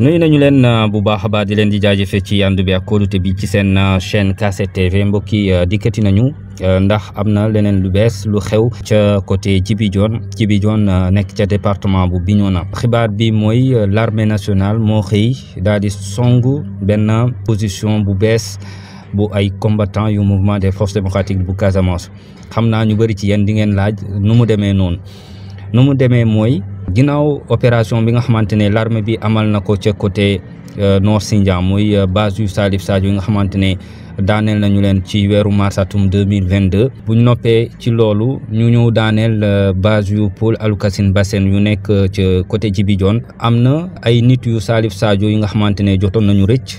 nuyu nañu leen euh, bu baax a baax di leen di jaajëfe ci ànd bi ak kóolute bi ci seen euh, chaîne KCT TV mbokki yi euh, dikkati nañu ndax am na leneen lu bees lu xew ca côté Djibidione Djibidione nekk ca département bu biñona xibaar bi mooy l'armée nationale moo xëy daal di songu benn position bu bees bu ay combattants yu mouvement des forces démocratiques bu Casamance xam naa ñu bëri ci yéen di ngeen laaj nu mu demee noonu nu mu demee mooy ginnaaw opération bi nga xamante ne l'armée bi amal na ko ca côté euh, Nord Sindian muy euh, base yu Salif Sadio yi nga xamante ne daaneel nañu leen ci weeru mars atum deux mille vingt deux bu ñu noppee ci loolu ñu ñëw daaneel euh, base yu Paul Alukasine Bassène yu nekk ca côté Djibidione am na ay nit yu Salif Sadio yi nga xamante ne jotoon nañu rëcc.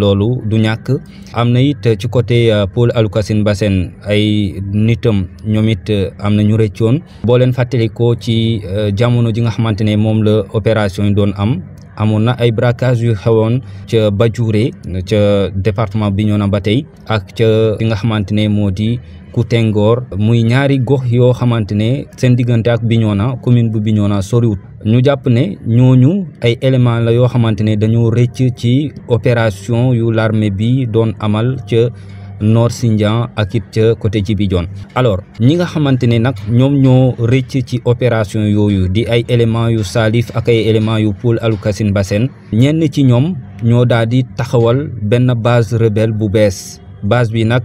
loolu du ñàkk am na it ci côté euh, Paul Alukasin Bassène ay nitam ñoom it euh, am na ñu rëccoon boo leen fàttalikoo ci euh, jamono ji nga xamante ne moom la opération doon am amoon na ay braquage yu xewoon ca Badiouré ca département bi ñoo na ba tey ak ca nga xamante ne moo di ku tengoor muy ñaari gox yoo xamante ne seen diggante ak bi Bignona commune bu Bignona soriwut ñu jàpp ne ñooñu ay éléments la yoo xamante ne dañoo rëcc ci opération yu l'armée bi doon amal ca Nord Sindian ak it ca côté Djibidione alors ñi nga xamante ne nag ñoom ñoo rëcc ci opération yooyu di ay éléments yu Salif ak ay éléments yu poul Alukasine Bassène ñenn ci ñoom ñoo daal di taxawal benn base rebelle bu bees base bi nag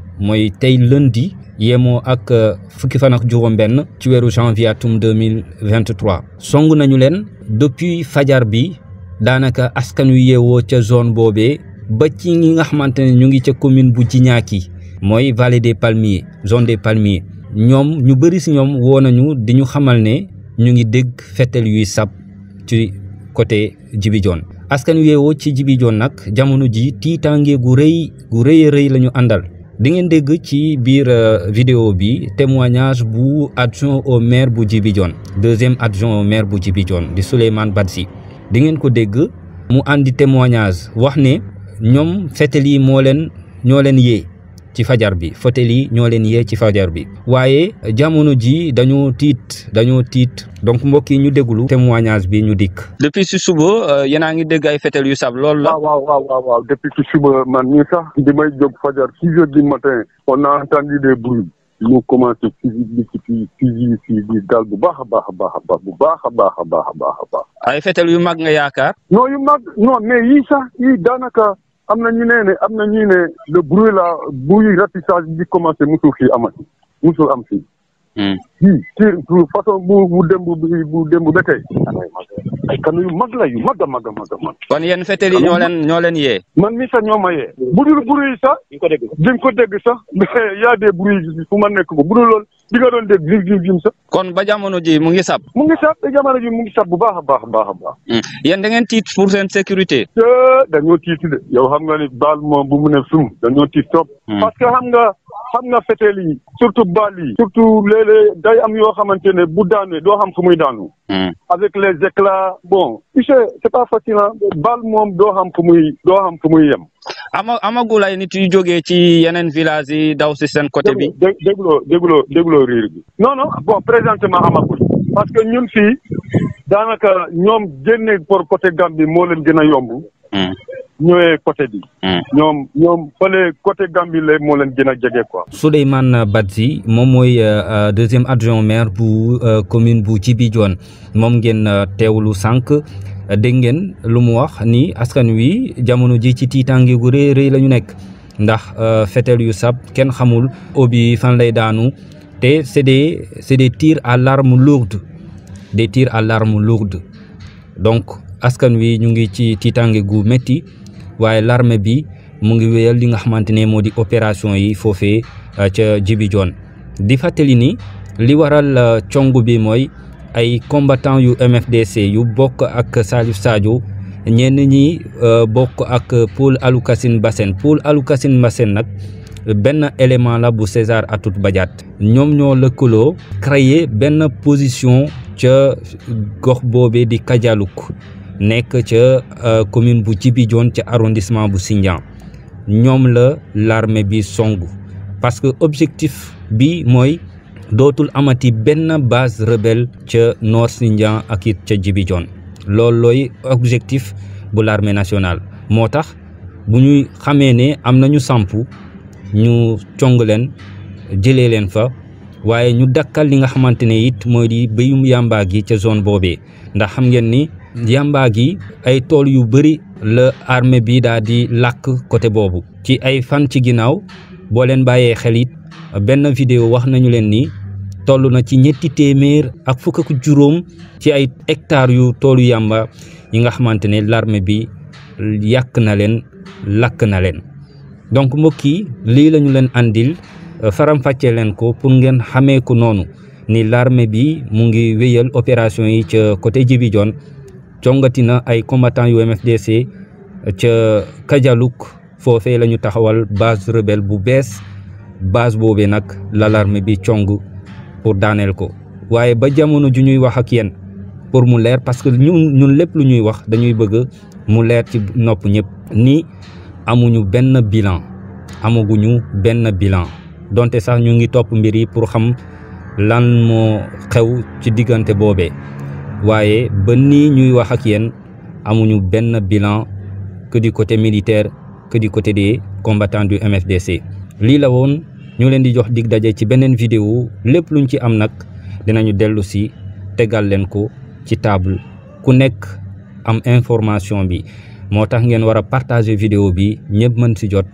mooy tey lundi yemoo ak euh, fukki fan ak juróom-benn ci weeru janvier atum deux mille vingt trois song nañu leen depuis fajar bi daanaka askan wi yeewoo ca zone boobee ba ci ñi nga xamante ne ñu ngi ca commune bu Djinaki mooy vallée des palmiers zone des palmiers ñoom ñu bëri si ñoom woo nañu di ñu xamal ne ñu ngi dégg fetel yuy sab ci côté Djibidione askan wi yeewoo ci Djibidione nag jamono ji tiitaange gu rëy gu rëy a rëy la ñu àndal. di ngeen dégg ci biir euh, vidéo bi témoignage bu adjoint au maire bu Djibi Dione deuxième adjoint au maire bu Djibi Dione di Souleymane Badji di ngeen ko dégg mu indi témoignage wax ne ñoom fetel yi moo leen ñoo leen yee ci fajar bi fotel yi ñoo leen yee ci fajar bi waaye jamono ji dañoo tiit dañoo tiit donc mbokk yi ñu déglu témoignage bi ñu dikk. depuis si suba euh, yéen a ngi dégg ay fetel yu sab lool la. waaw waaw waaw waaw depuis si suba man mii sax di may jóg fajar six heures du matin on a entendu des bruits. mu commencé fii fii bu baax a baax a baax a baax a baax a ay fetel yu mag nga yaakaar. non yu mag non mais yii sax daanaka. am na ñu nee ne am na ñuy ne le bu la bruit ratissage bi commencé musul fii amati musul am fi fii hmm. Hmm. ci façon bu bu dem bi bu démb ba tey. ay kanu yu mag la yu mag a mag a mag a mag. kon yen fetel ñoo leen ñoo leen yee. man mi sa ñoo ma yee. bu dul bruit sax. di ko dégg sax di nga ko dégg sax y a des fu ma nekk ko bu dul lool. bi nga doon dégg jim jim jim sax. kon ba jamono ji mu ngi sab mu ngi sab ba jamono ji mu ngi sab bu baax a baax a baax a baax. Hmm. yéen da ngeen tiit pour seen sécurité. dañoo tiit de yow xam nga ni baal moom bu mu ne sum dañoo tiit trop. Hmm. parce que xam nga xam nga feteel yi surtout baal yi. surtout léeg-léeg day am yoo xamante ne bu daanee doo xam fu muy daanu. Hmm. avec les éclats bon. tu sais c'est pas facile hein. baal moom doo xam fu muy doo xam fu muy yem. ama amagul ay nit yu jogee ci yeneen villages yi daw si seen côté bi. dégloo dégloo dégloo riir bi. non non bon présentement amagul. parce que ñun fii daanaka ñoom génne por côté Gambie moo leen gën a yomb. Hmm. ñëwee côté hmm. ñoom ñoom fële côté Gambie la moo leen gën a jege quoi. Souleymane Badji moom mooy euh, euh, deuxième adjoint maire bu euh, commune bu Djibidione moom ngeen teewlu sànq. dégg ngeen lu mu wax ni askan wi jamono ji ci tiitaange gu rëy rëy la ñu nekk ndax euh, fetel yu sab kenn xamul obi fan lay daanu te c'est des c'est des tirs à l'arme lourde des tirs à l'arme lourde donc askan wi ñu ngi ci tiitaange gu métti waaye larme bi mu ngi wéyal li nga xamante ne moo di opération yi foofee euh, ca Djibidione di fàttali ni li waral euh, cong bi mooy ay combattants yu MFDC yu bokk ak Salif Sadio ñen ñi euh, bokk ak Paul Alukasin Bassène Paul Alukasin Bassène nak ben élément la bu César Atout Badiat ñom ñoo colo créer ben position ci gox bobé di Kajaluk nek ci euh, commune bu Djibidione ci arrondissement bu Sindian ñom le l'armée bi songu parce que objectif bi moy dootul amati benn base rebelle ca Nord Sindian ak it ca Djibidione loolu looy objectif bu l'armée nationale moo tax bu ñuy xamee ne am nañu samp ñu cong leen jëlee leen fa waaye ñu dakkal li nga xamante ne it mooy di béyum yàmbaa gi ca zone boobee ndax xam ngeen ni yàmbaa gi ay tool yu bëri la armée bi daal di làkk côté boobu ci ay fan ci ginnaaw boo leen bàyyee xel it benn vidéo wax nañu leen nii toll na ci ñetti téeméer ak fukk juróom ci ay hectares yu toolu yàmba yi nga xamante ne l'armée bi yàq na leen lakk na leen donc mbokk yi lii la leen andil euh, faram-fàccee leen ko pour ngeen xamee ko noonu ni larme bi mu ngi wéyal opération yi ca côté jon congati na ay combattant yu MFDC ca Kajaluk foofe la ñu taxawal base rebelle bu bees base boobe nag la l'armée bi cong pour daaneel ko waaye ba jamono ju ñuy wax ak yéen pour mu leer parce que ñun ñun lépp lu ñuy wax dañuy bëgg mu leer ci nopp ñëpp ni amuñu benn bilan amaguñu benn bilan donte sax ñu ngi topp mbir yi pour xam lan moo xew ci diggante boobe waaye ba ni ñuy wax ak yen amuñu benn bilan que di côté militaire que di côté des combattants du MFDC lii la woon ñu leen di jox dig daje ci beneen vidéo lépp lu ñu ci am nag dinañu dellu si tegal leen ko ci table ku nekk am information bi moo tax ngeen war a partager vidéo bi ñëpp mën si jot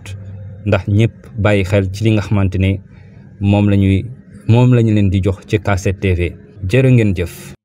ndax ñëpp bàyyi xel ci li nga xamante ne moom la ñuy moom la ñu leen di jox ci K7 TV jërë ngeen jëf